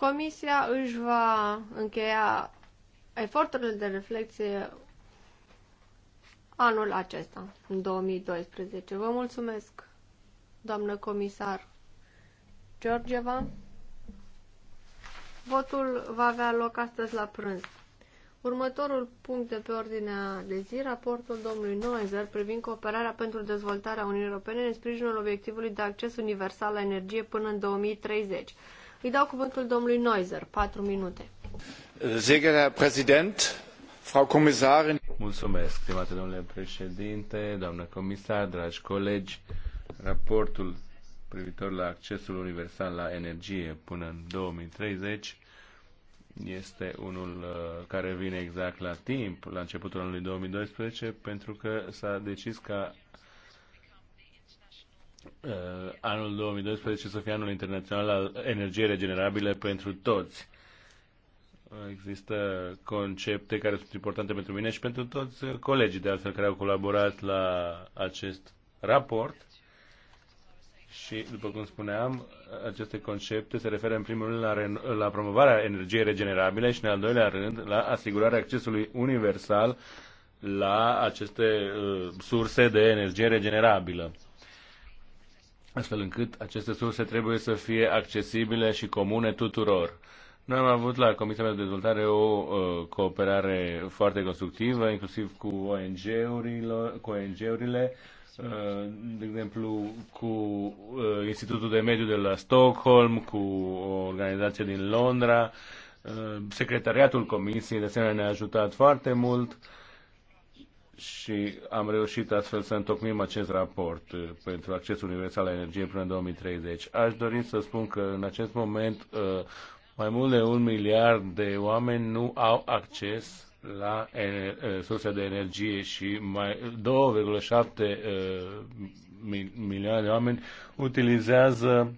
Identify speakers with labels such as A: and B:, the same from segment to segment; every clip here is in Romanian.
A: Comisia își va încheia eforturile de reflexie anul acesta, în 2012. Vă mulțumesc, doamnă comisar Georgeva. Votul va avea loc astăzi la prânz. Următorul punct de pe ordinea de zi, raportul domnului Noezer privind cooperarea pentru dezvoltarea Uniunii Europene în sprijinul obiectivului de acces universal la energie până în 2030. Îi dau cuvântul domnului Noizer, patru minute.
B: Sehr Präsident, Frau Kommissarin. Mulțumesc, stimate domnule președinte, doamnă comisar, dragi colegi. Raportul privitor la accesul universal la energie până în 2030 este unul uh, care vine exact la timp, la începutul anului 2012, pentru că s-a decis ca Uh, anul 2012 să fie anul internațional al energiei regenerabile pentru toți. Există concepte care sunt importante pentru mine și pentru toți colegii, de altfel, care au colaborat la acest raport. Și, după cum spuneam, aceste concepte se referă în primul rând la, la promovarea energiei regenerabile și, în al doilea rând, la asigurarea accesului universal la aceste uh, surse de energie regenerabilă astfel încât aceste surse trebuie să fie accesibile și comune tuturor. Noi am avut la Comisia de Dezvoltare o uh, cooperare foarte constructivă, inclusiv cu ONG-urile, cu ONG-urile uh, de exemplu, cu uh, Institutul de Mediu de la Stockholm, cu o organizație din Londra. Uh, secretariatul Comisiei, de asemenea, ne-a ajutat foarte mult și am reușit astfel să întocmim acest raport eh, pentru accesul universal la energie până în 2030. Aș dori să spun că în acest moment eh, mai mult de un miliard de oameni nu au acces la eh, surse de energie și mai 2,7 milioane de oameni utilizează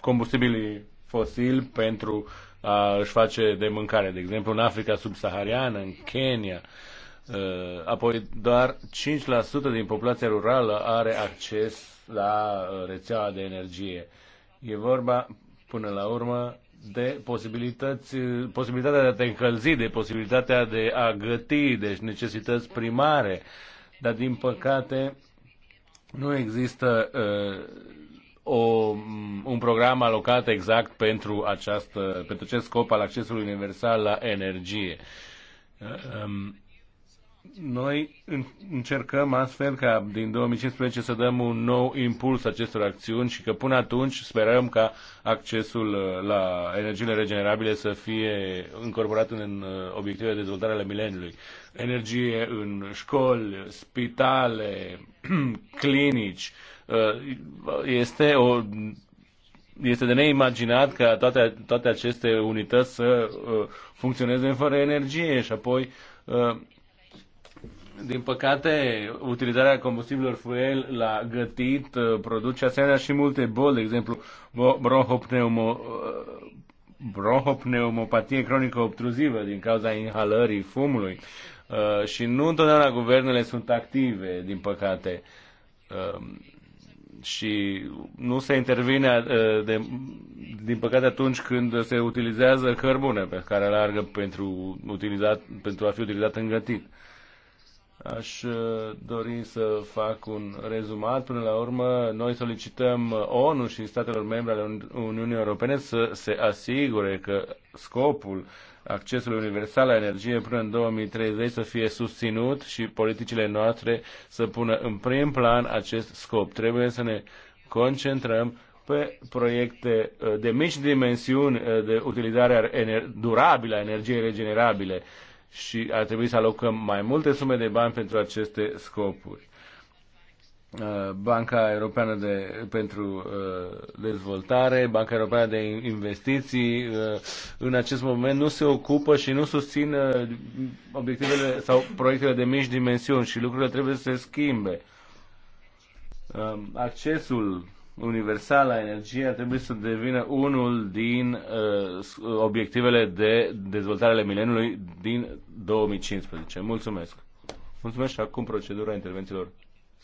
B: combustibilii fosili pentru uh, a își face de mâncare, de exemplu în Africa subsahariană, în Kenya. Apoi doar 5% din populația rurală are acces la rețeaua de energie. E vorba, până la urmă, de posibilități, posibilitatea de a te încălzi, de posibilitatea de a găti, deci necesități primare. Dar, din păcate, nu există uh, o, un program alocat exact pentru, această, pentru acest scop al accesului universal la energie. Um, noi încercăm astfel ca din 2015 să dăm un nou impuls acestor acțiuni și că până atunci sperăm ca accesul uh, la energiile regenerabile să fie incorporat în uh, obiectivele de dezvoltare ale mileniului. Energie în școli, spitale, clinici, Uh, este o este de neimaginat ca toate, toate aceste unități să uh, funcționeze fără energie și apoi, uh, din păcate, utilizarea combustibilor fuel la gătit uh, produce asemenea și multe boli, de exemplu, bronhopneumo, uh, bronhopneumopatie cronică obtruzivă din cauza inhalării fumului uh, și nu întotdeauna guvernele sunt active, din păcate. Uh, și nu se intervine, uh, de, din păcate, atunci când se utilizează cărbune pe care largă pentru, utilizat, pentru a fi utilizat în gătit. Aș uh, dori să fac un rezumat. Până la urmă, noi solicităm ONU și statelor membre ale Uniunii Europene să se asigure că scopul uh, accesul universal la energie până în 2030 să fie susținut și politicile noastre să pună în prim plan acest scop. Trebuie să ne concentrăm pe proiecte uh, de mici dimensiuni uh, de utilizare durabilă a energiei regenerabile și ar trebui să alocăm mai multe sume de bani pentru aceste scopuri. Uh, Banca Europeană de, pentru uh, Dezvoltare, Banca Europeană de Investiții, uh, în acest moment nu se ocupă și nu susțin obiectivele sau proiectele de mici dimensiuni și lucrurile trebuie să se schimbe. Um, accesul universal la energie ar trebui să devină unul din obiectivele de dezvoltare ale mileniului din 2015. Mulțumesc! Mulțumesc și acum procedura intervențiilor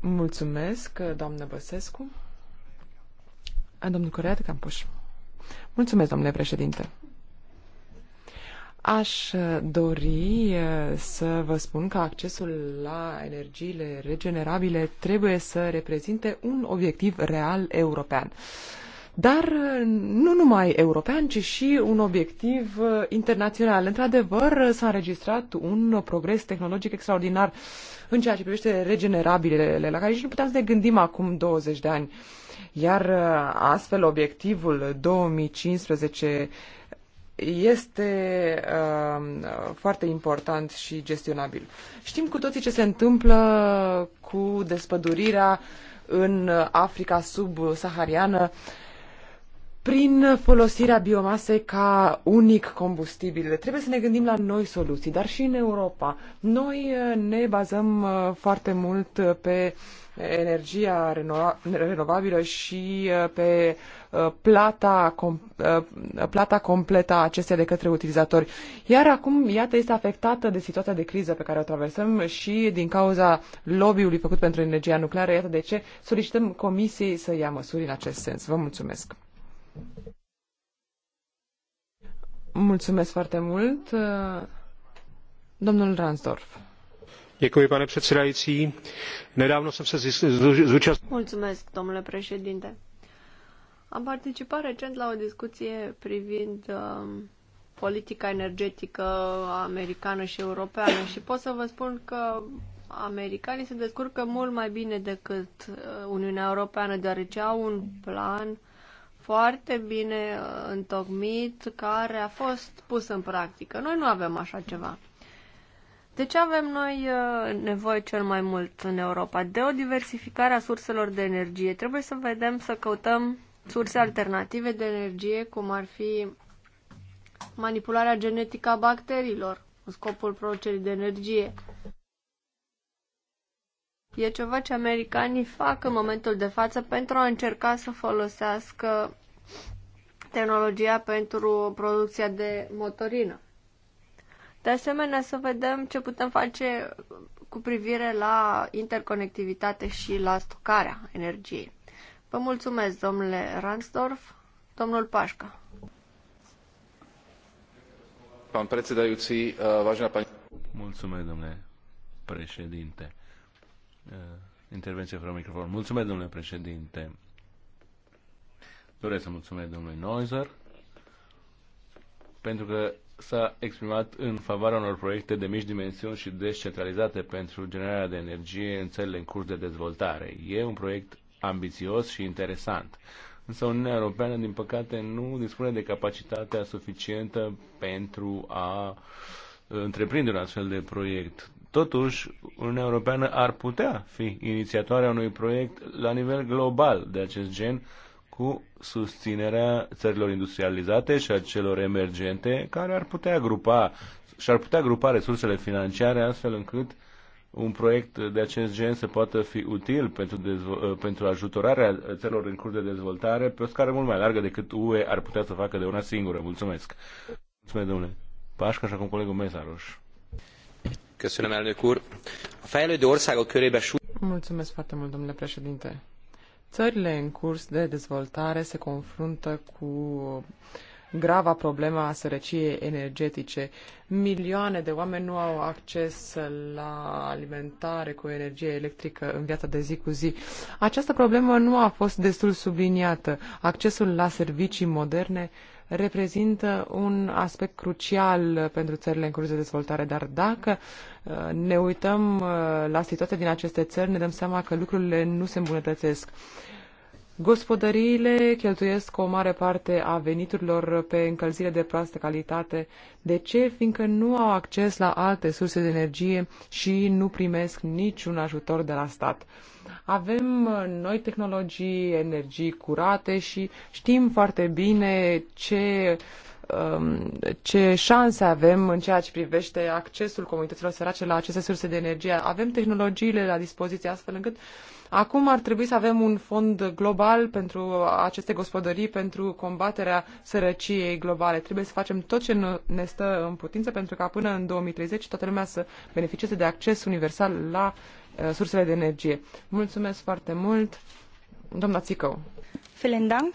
C: Mulțumesc, doamnă Băsescu. A, domnul Corea de Campuș. Mulțumesc, domnule președinte. Aș dori eh, să vă spun că accesul la energiile regenerabile trebuie să reprezinte un obiectiv real european. Uh, dar uh, nu numai european, ci și un obiectiv uh, internațional. Într-adevăr, uh, s-a înregistrat un progres tehnologic extraordinar în ceea ce privește regenerabilele, la care nici nu puteam să ne gândim acum 20 de ani. Iar astfel, obiectivul 2015 este uh, foarte important și gestionabil. Știm cu toții ce se întâmplă cu despădurirea în Africa subsahariană. Uh, prin folosirea biomasei ca unic combustibil. Trebuie să ne gândim la noi soluții, dar și în Europa. Noi eh, ne bazăm eh, foarte mult eh, pe energia renovabilă și pe plata, plata completă a acesteia de către utilizatori. Iar acum, iată, este afectată de situația de criză pe care o traversăm și din cauza lobby-ului făcut pentru energia nucleară, iată de ce solicităm Comisiei să ia măsuri în acest sens. Vă mulțumesc! Mulțumesc foarte mult. Domnul Ransdorf. Děkuji, pane
D: předsedající. Nedávno jsem se zúčastnil...
A: Mulțumesc, domnule președinte. Am participat recent la o discuție privind uh, politica energetică americană și europeană și pot să vă spun că americanii se descurcă mult mai bine decât uh, Uniunea Europeană, deoarece au un plan uh, foarte bine uh, întocmit, care a fost pus în practică. Noi nu avem așa ceva. De ce avem noi uh, nevoie cel mai mult în Europa? De o diversificare a surselor de energie. Trebuie să vedem, să căutăm surse alternative de energie, cum ar fi manipularea genetică a bacteriilor, în scopul producerii de energie E ceva ce americanii fac în momentul de față pentru a încerca să folosească tehnologia pentru producția de motorină. De asemenea, să vedem ce putem face cu privire la interconectivitate și la stocarea energiei. Vă mulțumesc, domnule Ransdorf. Domnul Pașca.
B: Pan predsedajúci, eh, vážená pani... Mulțumesc, domnule președinte. Uh, intervenție fără microfon. Mulțumesc, domnule președinte. Doresc să mulțumesc domnului Noizer pentru că s-a exprimat în favoarea unor proiecte de mici dimensiuni și descentralizate pentru generarea de energie în țările în curs de dezvoltare. E un proiect ambițios și interesant. Însă Uniunea Europeană, din păcate, nu dispune de capacitatea suficientă pentru a întreprinde un astfel de proiect. Totuși, Uniunea Europeană ar putea fi inițiatoarea unui proiect la nivel global de acest gen cu susținerea țărilor industrializate și a celor emergente care ar putea grupa și ar putea grupa resursele financiare astfel încât un proiect de acest gen să poată fi util pentru, uh, pentru ajutorarea țărilor în curs de dezvoltare pe o scară mult mai largă decât UE ar putea să facă de una singură. Mulțumesc! Mulțumesc, domnule! Pașca și acum colegul Mesaroș. A fejlődő országok körébe
C: súlyos. Țările în curs de dezvoltare se confruntă cu grava problemă a sărăciei energetice. Milioane de oameni nu au acces la alimentare cu energie electrică în viața de zi cu zi. Această problemă nu a fost destul subliniată. Accesul la servicii moderne reprezintă un aspect crucial pentru țările în curs de dezvoltare, dar dacă uh, ne uităm uh, la situația din aceste țări, ne dăm seama că lucrurile nu se îmbunătățesc. Gospodăriile cheltuiesc o mare parte a veniturilor pe încălzire de proastă calitate. De ce? Fiindcă nu au acces la alte surse de energie și nu primesc niciun ajutor de la stat. Avem uh, noi tehnologii, energii curate și știm foarte bine ce uh, Um, ce șanse avem în ceea ce privește accesul comunităților sărace la aceste surse de energie. Avem tehnologiile la dispoziție astfel încât acum ar trebui să avem un fond global pentru aceste gospodării, pentru combaterea sărăciei globale. Trebuie să facem tot ce ne stă în putință pentru ca până în 2030 toată lumea să beneficieze de acces universal la uh, sursele de energie. Mulțumesc foarte mult, Domnul Țicău. Vielen
E: Dank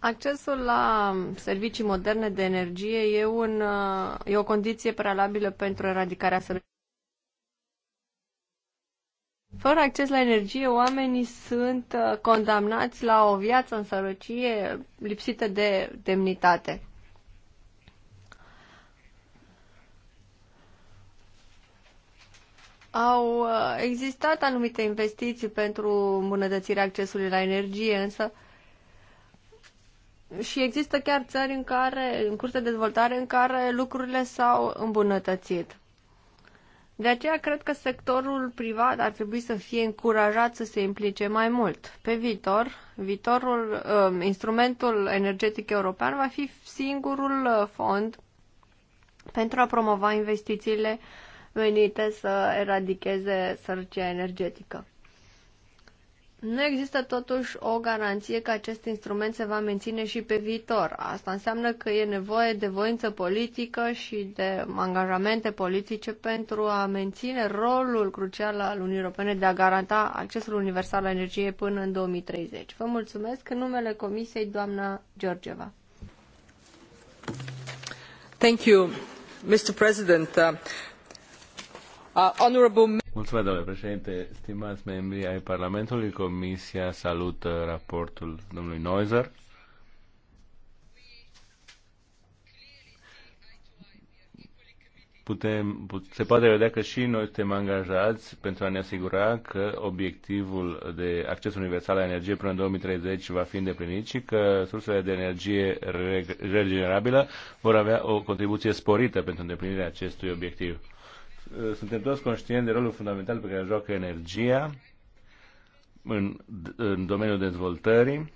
A: Accesul la servicii moderne de energie e, un, e o condiție prealabilă pentru eradicarea sărăciei. Fără acces la energie, oamenii sunt uh, condamnați la o viață în sărăcie lipsită de demnitate. Au uh, existat anumite investiții pentru îmbunătățirea accesului la energie, însă și există chiar țări în care, în curs de dezvoltare, în care lucrurile s-au îmbunătățit. De aceea cred că sectorul privat ar trebui să fie încurajat să se implice mai mult. Pe viitor, viitorul, um, instrumentul energetic european va fi singurul uh, fond pentru a promova investițiile venite să eradicheze sărăcia energetică. Nu există totuși o garanție că acest instrument se va menține și pe viitor. Asta înseamnă că e nevoie de voință politică și de angajamente politice pentru a menține rolul crucial al Uniunii Europene de a garanta accesul universal la energie până în 2030. Vă mulțumesc în numele Comisiei doamna Georgeva.
C: Thank you, Mr. President. Uh, uh honorable...
B: Mulțumesc, domnule președinte. Stimați membri ai Parlamentului, Comisia salută raportul domnului Neuser. Putem, se poate vedea că și noi suntem angajați pentru a ne asigura că obiectivul de acces universal la energie până în 2030 va fi îndeplinit și că sursele de energie regenerabilă vor avea o contribuție sporită pentru îndeplinirea acestui obiectiv. Eh, suntem toți conștienți de rolul fundamental pe care joacă energia în, în domeniul dezvoltării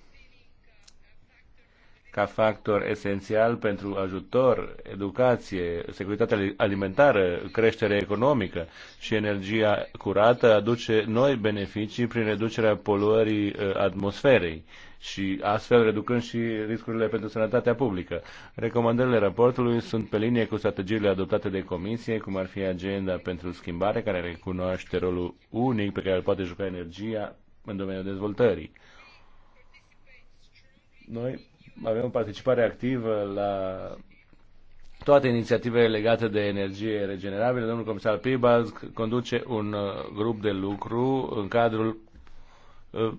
B: ca factor esențial pentru ajutor, educație, securitate alimentară, creștere economică și energia curată aduce noi beneficii prin reducerea poluării eh, atmosferei și astfel reducând și riscurile pentru sănătatea publică. Recomandările raportului sunt pe linie cu strategiile adoptate de comisie, cum ar fi agenda pentru schimbare, care recunoaște rolul unic pe care îl poate juca energia în domeniul dezvoltării. Noi avem o participare activă la toate inițiativele legate de energie regenerabilă. Domnul comisar Pibaz conduce un uh, grup de lucru în cadrul uh,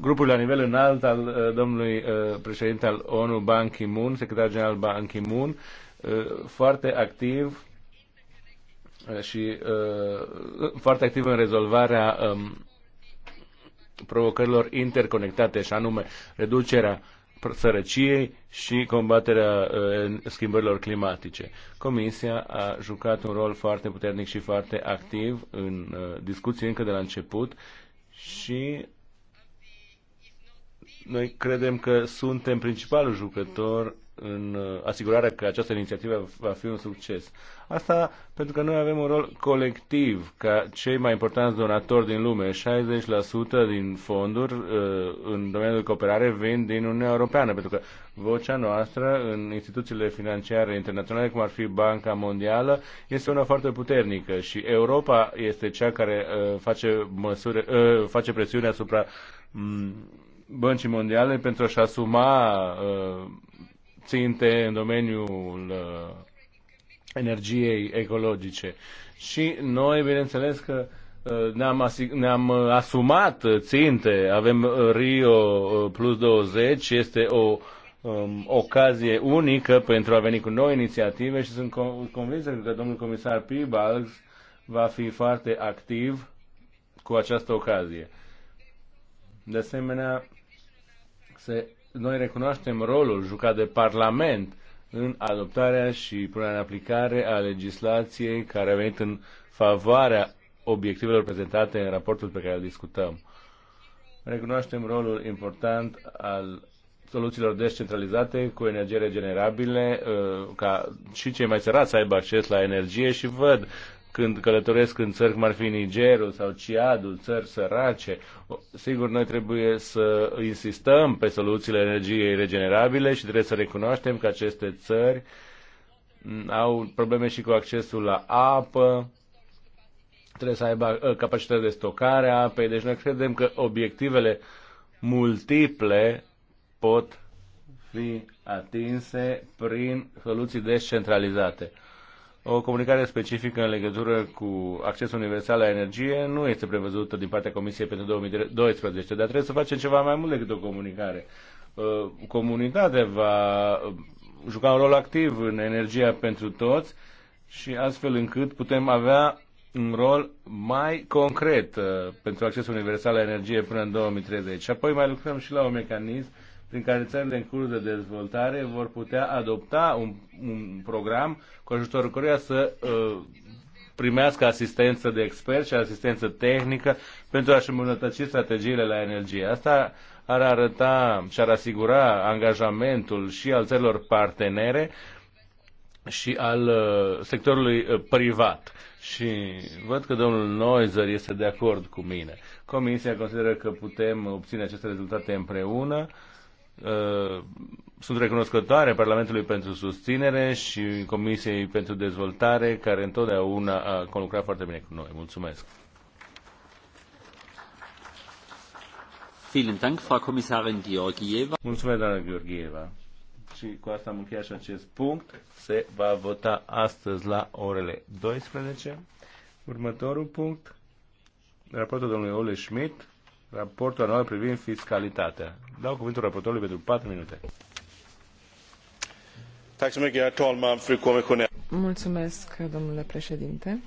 B: grupul la nivel înalt al uh, domnului uh, președinte al ONU Ban Ki-moon, secretar general Ban Ki-moon, uh, foarte activ și foarte activ în rezolvarea um, provocărilor interconectate, și anume reducerea sărăciei și combaterea schimbărilor climatice. Comisia a jucat un rol foarte puternic și foarte activ în discuții încă de la început și noi credem că suntem principalul jucător în uh, asigurarea că această inițiativă va fi un succes. Asta pentru că noi avem un rol colectiv ca cei mai importanți donatori din lume. 60% din fonduri uh, în domeniul de cooperare vin din Uniunea Europeană, pentru că vocea noastră în instituțiile financiare internaționale, cum ar fi Banca Mondială, este una foarte puternică și Europa este cea care uh, face, măsure, face presiune asupra mm, băncii mondiale pentru a-și asuma ținte în domeniul uh, energiei ecologice. Și noi, bineînțeles că uh, ne-am, ne-am uh, asumat ținte, avem Rio plus 20, este o um, ocazie unică pentru a veni cu noi inițiative și sunt convins că domnul comisar Pibals va fi foarte activ cu această ocazie. De asemenea, se noi recunoaștem rolul jucat de Parlament în adoptarea și punerea în aplicare a legislației care a venit în favoarea obiectivelor prezentate în raportul pe care îl discutăm. Recunoaștem rolul important al soluțiilor descentralizate cu energie regenerabile uh, ca și cei mai sărați să aibă acces la energie și văd când călătoresc în țări cum ar fi Nigerul sau Ciadul, țări sărace. Sigur, noi trebuie să insistăm pe soluțiile energiei regenerabile și trebuie să recunoaștem că aceste țări au probleme și cu accesul la apă, trebuie să aibă uh, capacitatea de stocare a apei, deci noi credem că obiectivele multiple pot fi atinse prin soluții descentralizate. O comunicare specifică în legătură cu accesul universal la energie nu este prevăzută din partea Comisiei pentru 2012, dar trebuie să facem ceva mai mult decât o comunicare. Comunitatea va juca un rol activ în energia pentru toți și astfel încât putem avea un rol mai concret uh, pentru accesul universal la energie până în 2030. Și apoi mai lucrăm și la un mecanism prin care țările în curs de dezvoltare vor putea adopta un, un program cu ajutorul căruia să uh, primească asistență de experți și asistență tehnică pentru a-și îmbunătăți strategiile la energie. Asta ar arăta și ar asigura angajamentul și al țărilor partenere și al uh, sectorului uh, privat. Și văd că domnul Noizer este de acord cu mine. Comisia consideră că putem obține aceste rezultate împreună Uh, sunt recunoscătoare Parlamentului pentru susținere și Comisiei pentru Dezvoltare, care întotdeauna a conlucrat foarte bine cu noi. Mulțumesc! Mulțumesc, doamnă Georgieva. Și cu asta am încheiat și acest punct. Se va vota astăzi la orele 12. Următorul punct, raportul domnului Ole Schmidt, raportul anual privind fiscalitatea. Dau cuvântul raportorului pentru 4 minute.
C: Mulțumesc, domnule președinte.